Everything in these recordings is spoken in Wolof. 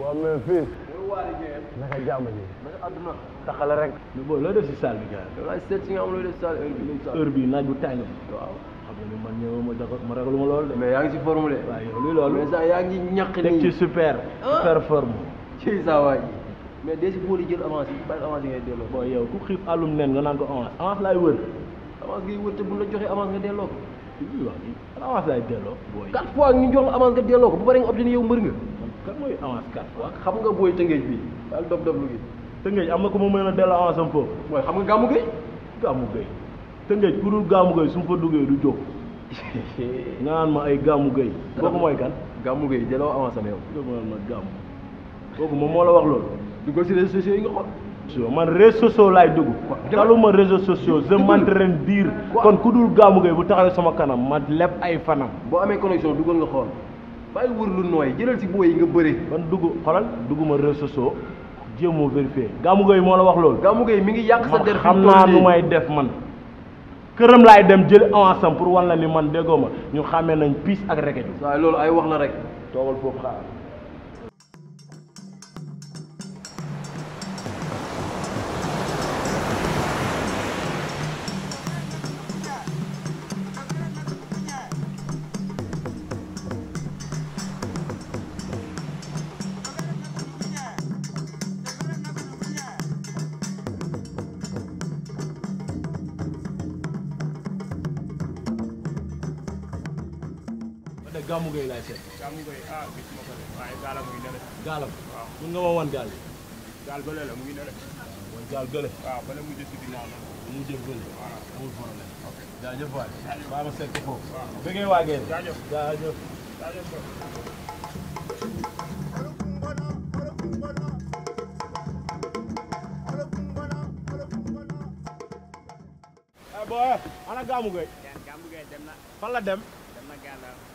waaw mais fii. yow a ngeen. naka jàmm ji. naka àdduna. taxala rek. mais booy loo def si salle bi gars. yow ay seet si nga xam loo def si salle heure ma d'accord ma ragalu loolu de. mais yaa ngi si forme de. waaw yow luy loolu. mais sax yaa ngi ñàkk nii. teg ci super. Oh. super forme. ci saa waay mais desi booli jël avance yi avance ngay delloo. booy yow ku xiif àllum nen nga naan ko avance avance laay wër. avance ngay wër te bu la joxee avance nga delloo ko. waaw avance laay delloo. booy quatre fois ñu jox avance nga delloo ko bu bari nga obtenir yow mbër nga lan mooy avance quatre fois xam nga booy tëngeej bi ak dob dob lu gi tëngeej am na ku ma mën a dellu avance am foofu mooy xam nga gàmmu gay gàmmu gay tëngeej ku dul gàmmu gay su ma fa duggee du jóg nga naan ma ay gàmmu gay kooku mooy kan gàmmu gay jëloo avance am yow moom moo la wax loolu du si réseaux sociaux yi nga xool man réseaux sociaux laay dugg taluma réseaux sociaux je m'entraîne dire kon ku dul gàmmu gay bu taxawee sama kanam ma leb ay fanam boo amee connexion duggal nga xool bàyyi wër lu nooy jëlal si booy yi nga bëri. man dugg xolal dugguma réseaux sociaux jéem a vérifier Gamou Gueye moo la wax loolu. Gamou Gueye mi ngi yàq sa der xam naa nu may def man. këram laay dem jël avance pour wan la ni man déggoo ma ñu xàmmee nañ piis ak rekeju. waaw loolu ay wax na rek. toogal foofu xaar. Gamou Gueye laay seet. Gamou Gueye ah gis ma ko de waaye gaalam mu ngi nële. gaalam waaw mun nga woowoon gaal bi. gaal bële la mu ngi nële. mooy gaal gële. waaw bële mu jëm si ginnaaw la. mu jëm gële. waaw amul problème. ok jaajëf waay. jaajëf maa ma seet ko foofu. waaw bëggee waa Guèye. jaajëf jaajëf. jaajëf. Eh, boo ana Gamou Gueye. Gamou Gueye dem na. fan la dem. dem na gàllankoor.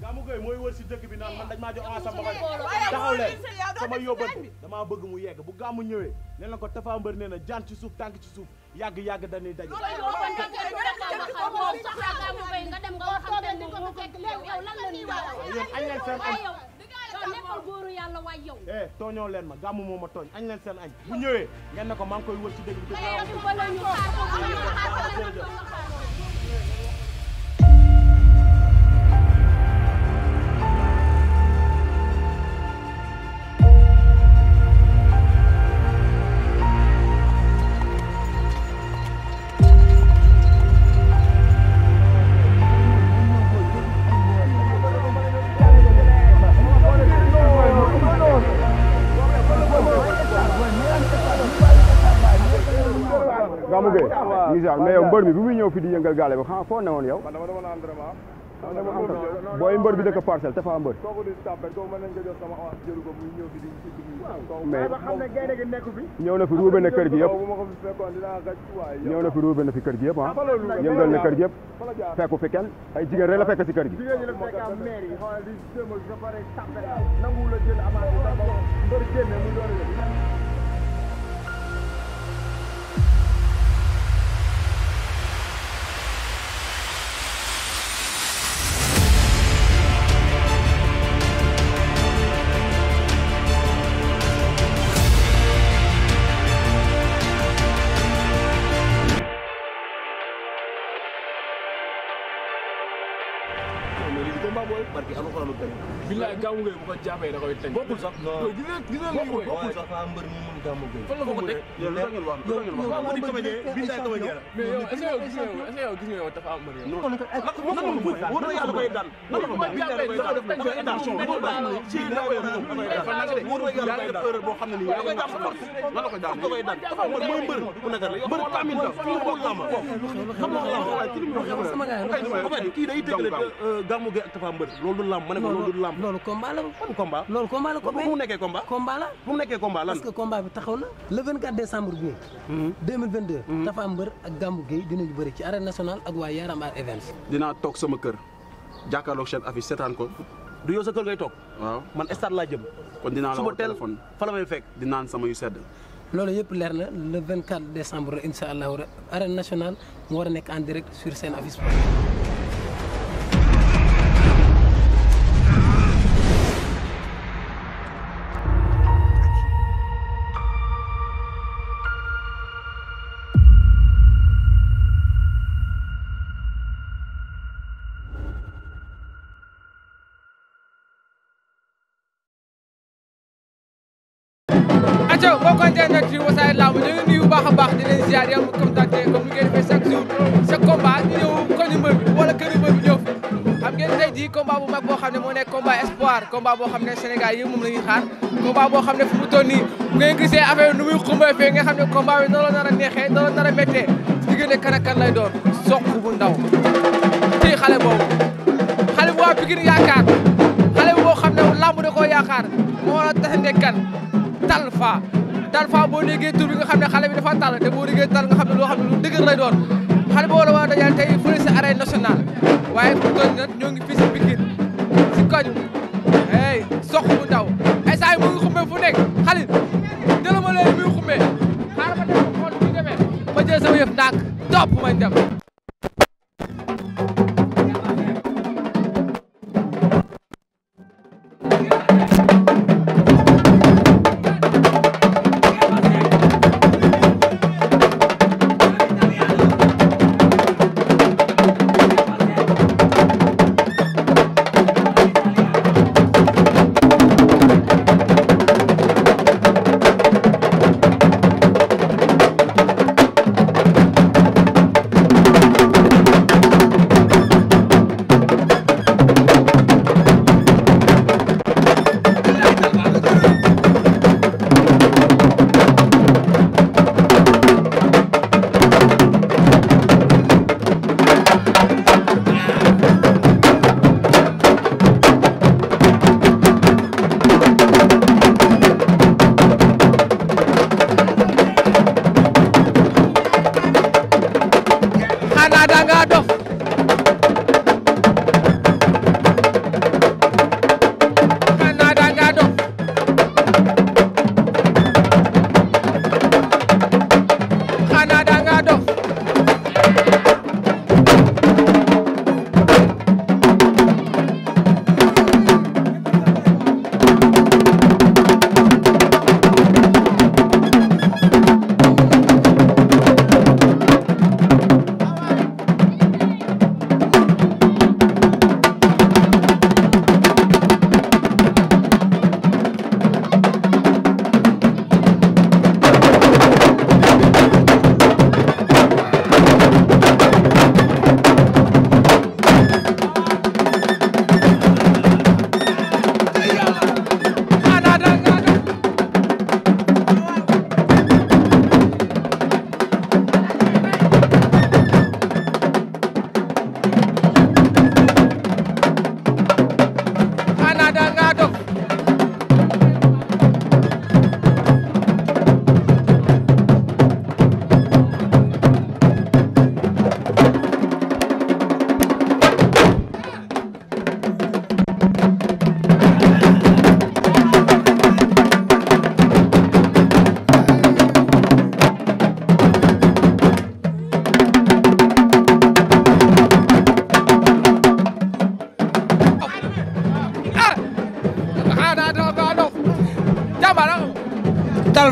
Gamou Gueye mooy wër si dëkk bi naan man dañ maa jox en samba taxaw leen sama yóbbante damaa bëgg mu yegg bu Gamou ñëwee nee na ko Tapha Mbeur nee na jaan ci suuf tànk ci suuf yàgg yàgg dañuy daje. nga dem nga war xam añ leen seen añ. yow nekkal góoru yàlla waay yow. eh tooñoo leen ma Gamou moo a tooñ añ leen seen añ bu ñëwee ngeen ko man ngi koy wër si dëkk bi. Isaac mais yow mbër bi bi muy ñëw fi di yëngal gaale bi xam foo newoon yow booy mbër bi dëkk parcelle te fa mbër mais ñëw na fi ruube na kër gi yëpp ñëw na fi ruube na fi kër gi yëpp ah yëngal na kër gi yëpp fekku fi kenn ay jigéen rek la fekk si kër gi mais lii combat booy barki alxuraan karim billaay gàmmu ngay bu ko jàppee da koy teg bokkul sax gis nga gis nga lii bokkul sax fa mbër mu mun gàmmu ngay fan la ko ko teg yow lu ngeen wax lu ngeen wax di comédie billaay comédie la mais yow est-ce que yow est-ce que yow gis nga yow dafa am mbër yow wóor na yàlla koy daan nan ko jàppee dafa def teg sa attention wóor na yàlla ci da koy daan wóor na yàlla def erreur boo xam ne nii yaa ngi daan sport nan la koy daan da koy daan mooy mbër bu nekk la mbër tamit la fi mu la ma xam nga la ma kii day tëgg Ama Gueye ak Tapha Mbeur loolu du làmb ma ne ko loolu du làmb loolu combat la ban combat loolu combat la bu mu nekkee combat combat la bu mu nekkee combat lan parce que combat bi taxaw na le 24 décembre bi 2022 mhm. mhm. Tapha Mbeur ak Gamou Gueye dinañu bëri ci arène nationale ak waa Yarambar Events dinaa toog sama kër jàkkaarloog seen affiche seetaan ko du yow sa kër ngay toog waaw man stade laa jëm kon dinaa la téléphone fa la may fekk dinaan sama yu sedd loolu yëpp leer na le 24 décembre incha allah arène nationale mu war a nekk en direct sur seen affiche nekk combat espoir combat boo xam ne Sénégal yëpp moom la ñuy xaar combat boo xam ne fu mu toll nii ngeen gisee affaire nu muy xumbee fee nga xam ne combat bi noonu la nar a neexee noonu la nar a méttee diggante kan ak kan lay doon soq bu ndaw kii xale boobu xale bu waa Pikine yaakaar xale boo xam ne làmb da koo yaakaar moo war a tasante kan Talfa Talfa boo déggee tur bi nga xam ne xale bi dafa tal te boo déggee tal nga xam ne loo xam ne lu dëgër lay doon xale boo la war a dajal sama yëf ndànk topp mañ dem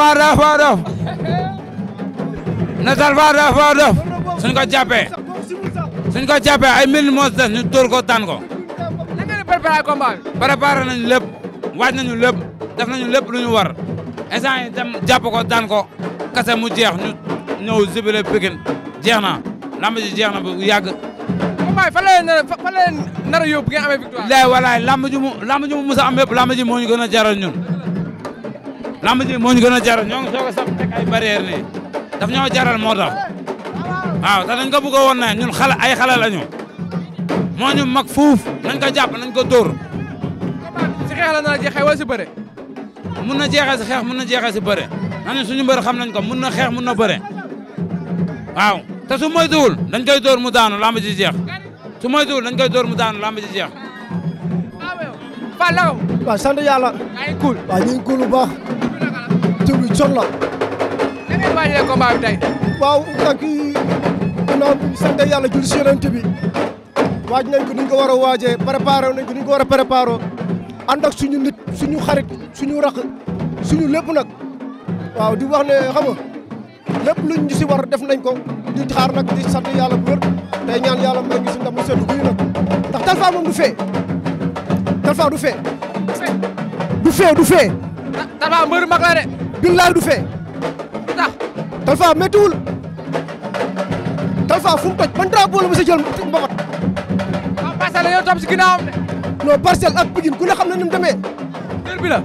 Farba dafa dof ne Talfa dafa dof suñ ko jàppee suñ ko jàppee ay mil moo des ñu dóor ko tànn ko. na ngeen di préparé combat bi. préparé def nañu lépp lu ñu war instant yi dem jàpp ko daan ko mu jeex ñu ñëw jubile Pikine jeex na lamb ji jeex na bu yàgg. waaw fan la leen nar a fan a yóbbu ngeen amee victoire. mu lamb ji mu mos a am jaral ñun. lamb ji moo ñu gën a jaral ñoo ngi a sab teg ay barrière nii daf jaral moo tax waaw te dañ ko bëgg a woon na ñun xale ay xale lañu moo ñu mag fuuf nañ ko jàpp nañ ko dóor si xeex la na jeexee wala si bëre mun na jeexee si xeex mun na jeexee si bëre nañu suñu mbër xam nañ ko mun na xeex mun na bëre waaw te su moytuwul dañ koy dóor mu daanu lamb ji jeex su moytuwul dañ koy dóor mu daanu lamb ji jeex waaw sant yàlla waaw ñu ngi cool bu baax jot la. da ngeen waajale combat bi tey. waaw nag gannaaw bi sant yàlla julli si yonent bi waaj nañ ko ni ko war a waajee préparé nañ ko ni ko war a préparé ànd suñu nit suñu xarit suñu rakk suñu lépp nag waaw di wax ne xam nga lépp luñ ñu si war def nañ ko di xaar nag di sant yàlla bu wér tey ñaan yàlla may ngi si ndam mu guy nag ndax Talfa moom du fee Talfa du fee. du fee du fee. Talfa de. billaay du fee. ndax Talfa méttiwul Talfa fu mu toj ban drapeau la mos a jël mbapat. Ah, waaw parcelle la yow topp si ginnaawam de. non parcelle ak Pikine ku ne xam na ni mu demee. dër bi la.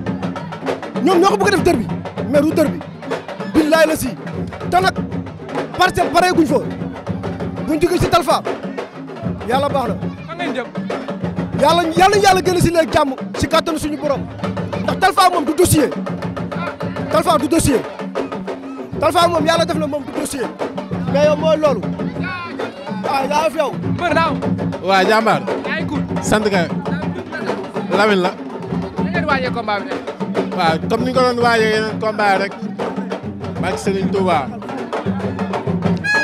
ñoom ñoo bi mais du bi billaay la si te nag parcelle pare guñ fa buñ jógee si Talfa yàlla baax na. fan ngeen jëm. yàlla yàlla yàlla gën a si léegi jàmm si kattanu suñu borom ndax Talfa moom du dossier. Talfa du dossier Talfa moom yàlla def na moom du dossier mais yow mooy loolu waaw ah, yaa fi yow. mbër daaw. waaw jàmbaar. yaa la. na ngeen waajee combat bi waaw comme ni nga ko doon rek. barke Serigne Touba.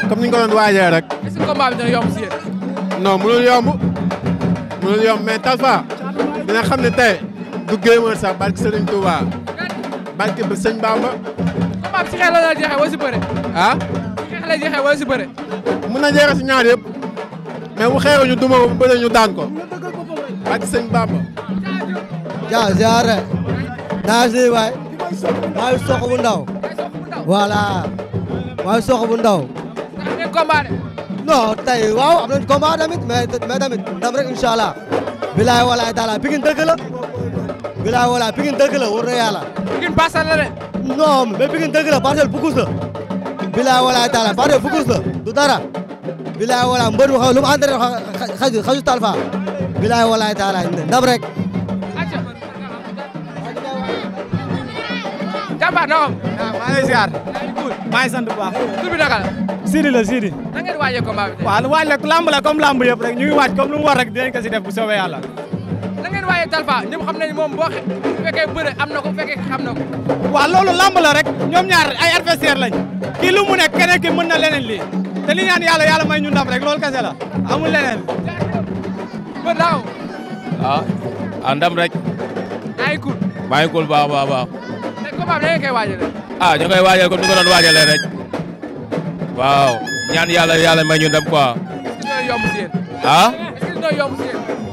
comme ni nga ko doon rek. est-ce que combat bi dina yomb si yéen. non mënul yomb. mënul yomb mais Talfa. dina xam ne tey du barke bi sëñ Bamba. combat bi ah? si xeex la jeexee wala si la jeexee ñaar yëpp. mais bu xeexee ñu duma ko bu bëree ko. barke sëñ Bamba. jaa ziare. naa si maa ngi soq bu ndaw. voilà. maa ngi soq bu ndaw. combat tey waaw am nañu combat tamit mais mais tamit rek incha bilaay walaay taala Pikine dëkk la. bilaa wala Pikine dëgg la war na yàlla. Pikine parcelle la de. non mais Pikine dëgg la parcelle bukus la. bilaa taala parcelle bukus du dara. bilaa wala mbër mu xaw lu mu entraîné xaju xaju talfa. bilaa wala taala ndam rek. la. Sidi la Sidi. na la lamb la comme rek ñu waaj comme lu mu war rek dinañ bu soobee yàlla. waaye Talfa ñëpp la rek ñoom ñaar ay adversaire lañ kii lu mu nekk keneen ki mën na leneen lii te li ñaan yàlla yàlla may ñu ndam rek loolu kese la leneen. ba daaw. ah, ah ndam rek. ay kul. maa ngi kul baax baax baax. mais combat bi da ngeen koy ah, waajalee. ah waaw ñaan yàlla yàlla may ñu ndam quoi.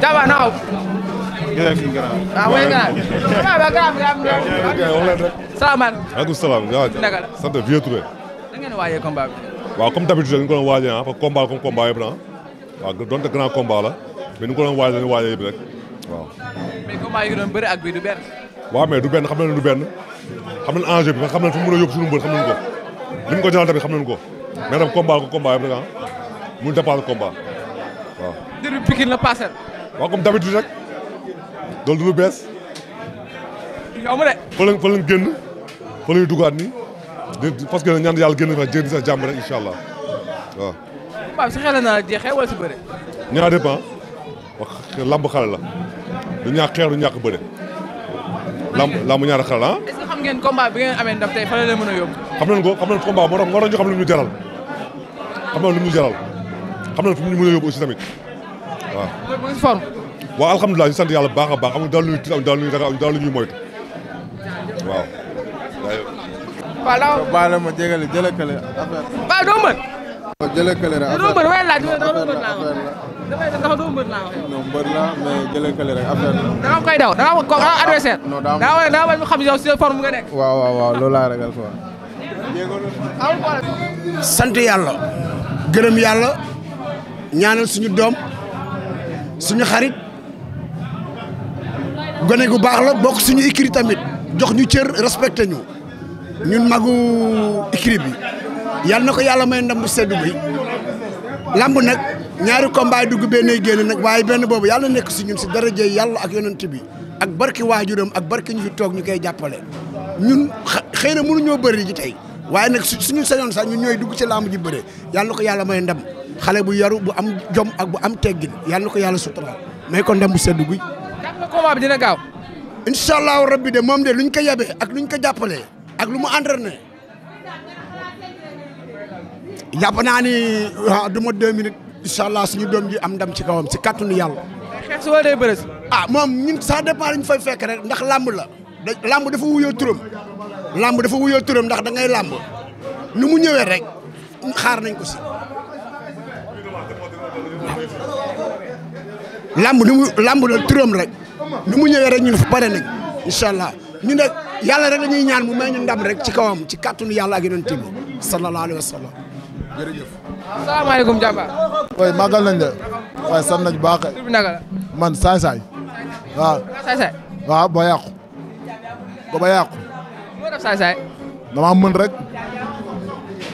Daba naaw. jërëjëf grand. waaw mooy salaam. naka la sant Vieux Touré. da ngeen waajee combat bi. waaw comme d'habitude rek ko doon waajee ah, ah. donte grand combat la ni ko doon waajee dañuy waajee yëpp rek waaw. mais combat yi doon bi du benn. waaw mais du benn bi xam a ko li mu ko jaral tamit xam ko mais nag combat ko combat yëpp rek ah mu dépassé combat waaw. la Parcelles waaw comme d'habitude rek loolu du lu bees. yow mu de. fa lañ fa lañ génn fa lañu duggaat ni parce que ñaan yàlla génn fa jënd rek incha allah waaw. waaw si xel na jeexee wala si bëre. ñaa dépend ah. wax lamb la du ñaax xeer du ñàkk bëre. lamb lamb ñaar xale la ah. est-ce que xam ngeen combat bi ngeen amee ndam tey fa la leen mën a yóbbu. xam nañ ko xam nañ combat moo tax moo tax ñu xam lu ñu jaral xam nañ lu ñu jaral mu ñu mën a yóbbu aussi waaw. léegi mooy faru. waaw alhamdulilah ñu sant yàlla bu baax a baax amul daal lu ñuy tiit amul daal lu ñuy ragal amul daal lu ñuy moytu waaw. waaw baal ma jégali jëlekale affaire. waaw doo mën. waaw jëlekale rek affaire doo mën waaye laaj doo mën laa wax. dafay dafa doo mën laa wax. non mbër la mais jëlekale rek affaire la. da nga koy daw da nga ko adversaire. non daa ma daa ma xam yow si forme nga nekk. waaw waaw waaw loolu laa ragal quoi. sant yàlla. gërëm yàlla. ñaanal suñu doom. suñu xarit gone gu baax la bokk suñu écrit tamit jox ñu cër respecté ñu ñun magu écrit bi yal na ko yàlla ma ndam bu sedd bi lamb nag ñaari combat dugg benn génn nag waaye benn boobu yàlla nekk si ñun si daraje yàlla ak yonent bi ak barki waajuram ak barki ñu fi toog ñu koy jàppale ñun xëy na mënuñoo bëri ji tey waaye nag su suñu sañoon sax ñu ñooy dugg ci lamb ji bëre yàlla ko yàlla may ndam xale bu yaru bu am jom ak bu am teggin yàlla na ko yàlla suturaal mais kon ndam bu sedd guy. jàpp na combat incha allahu rabbi de moom de luñ ko yebee ak luñ ko jàppalee ak lu mu entraîné jàpp naa ni ah, du ma deux minutes incha allah suñu doom ji am ndam ci kawam si kàttanu yàlla. xeex su day bëre ah moom ñun sans départ ñu fay fekk rek ndax làmb la. làmb dafa wuyoo turam làmb dafa wuyoo turam ndax da ngay làmb nu mu ñëwee rek xaar nañ ko si. lamb nu mu lamb turam rek nu mu ñëwee rek ñun fu pare nañ allah ñu ne yàlla rek la ñuy ñaan mu may ndam rek ci kawam ci kàttanu yàlla ak yonent bi sallallahu alayhi wa sallam. jërëjëf. asalaamaaleykum jàmbaar. waaye màggal nañ waaye sant nañ baax. tur bi naka ba yàqu. ba ba yàqu. moo def rek.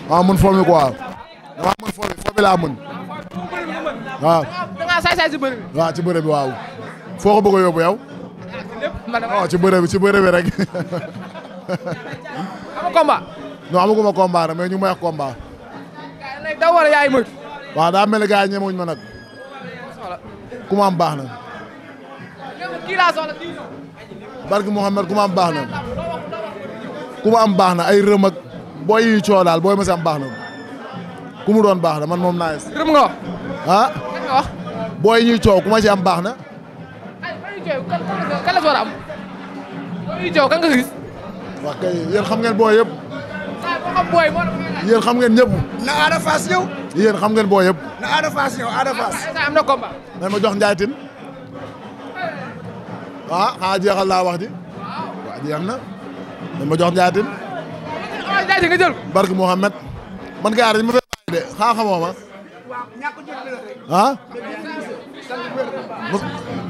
damaa mën foofu quoi. damaa mën foofu foofu laa mën. waaw. naa ci bëre bi waaw. foo ko bëgg a yóbbu yow. waaw ah, ci bëre bi ci bëre bi rek. amoo combat. non amaguma combat rek mais ñu may wax combat. daw wala yaay moytu. waaw daa mel ni gars yi ñemewuñ am baax na. barke Mouhamed ku ma am baax na. ku ma am baax na ay rëm ak booy yu coow booy ma baax na ku mu doon baax na man moom naa yees. rëm booy ñuy coow ku ci am baax na. kan la war a xam ngeen booy yëpp. Ah, yéen xam ngeen ñëpp. na Ada Fass ñëw. yéen xam ngeen boo yëpp. na Ada Fass ñëw Ada Fass. Ah, ah, na combat. man ma jox Ndiaye Tine. ah xanaa jeexal laa wax ji. waaw jeex na. man ma jox Ndiaye Tine. Ndiaye Tine nga jël. Barke Mouhamed. man gars yi ma fay de xaa xamoo ma. ah.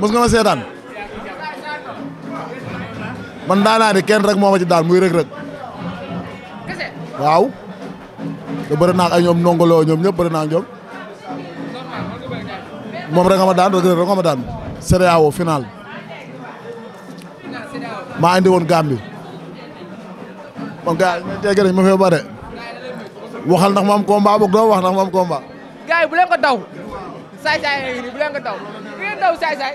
mos nga ma seetaan man daanaa ne kenn rek moo ma ci daal muy rëg-rëg waaw te bëri naa ay ñoom nongoloo ñoom ñëpp bëri naa ñoom moom rek nga ma daan rëg-rëg rek nga ma daan CEDEAO final maa indi woon Gambie kon gars yi tey gën ma fee bare waxal ndax ma am combat boog doo wax ndax ma am combat. gars bu leen ko daw. saay saay la nii bu ko daw saay saay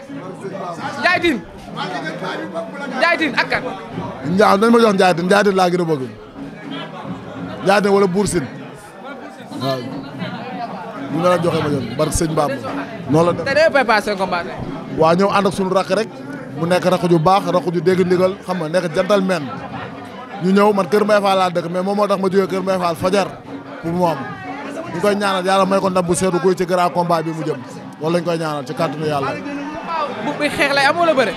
Ndiaye Tine Ndiaye Tine ak kan Ndiaye nañ ma jox Ndiaye Tine Ndiaye Tine wala Bour Sine waaw ñu nga la joxe ma jox sëñ Bamba noonu la def te day ñëw ànd ak suñu rakk rek mu nekk rakk ju baax rakk ju dégg ndigal xam nga nekk gentleman ñu ñëw man Kër Mbaye Fall laa dëkk mais moom moo tax ma jógee Kër Mbaye Fall fajar pour mu ñu koy ñaanal yàlla may ko ndam bu seetu guy ci grand combat bi mu jëm loolu lañ koy ñaanal ci kàttanu yàlla. bu bi xeex lay am wala bëre.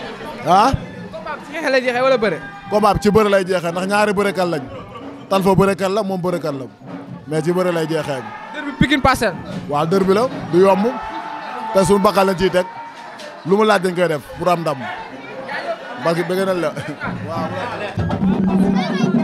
ah. combat ci xeex lay jeexee bëre. lay jeexee ndax ñaari bërekat lañ Talfa bërekat la moom bërekat la mais ci bëre lay jeexee. dër bi dër bi la du yomb te suñu bakkan lañ ciy teg lu mu laaj dañ koy def pour am ndam parce que bëgg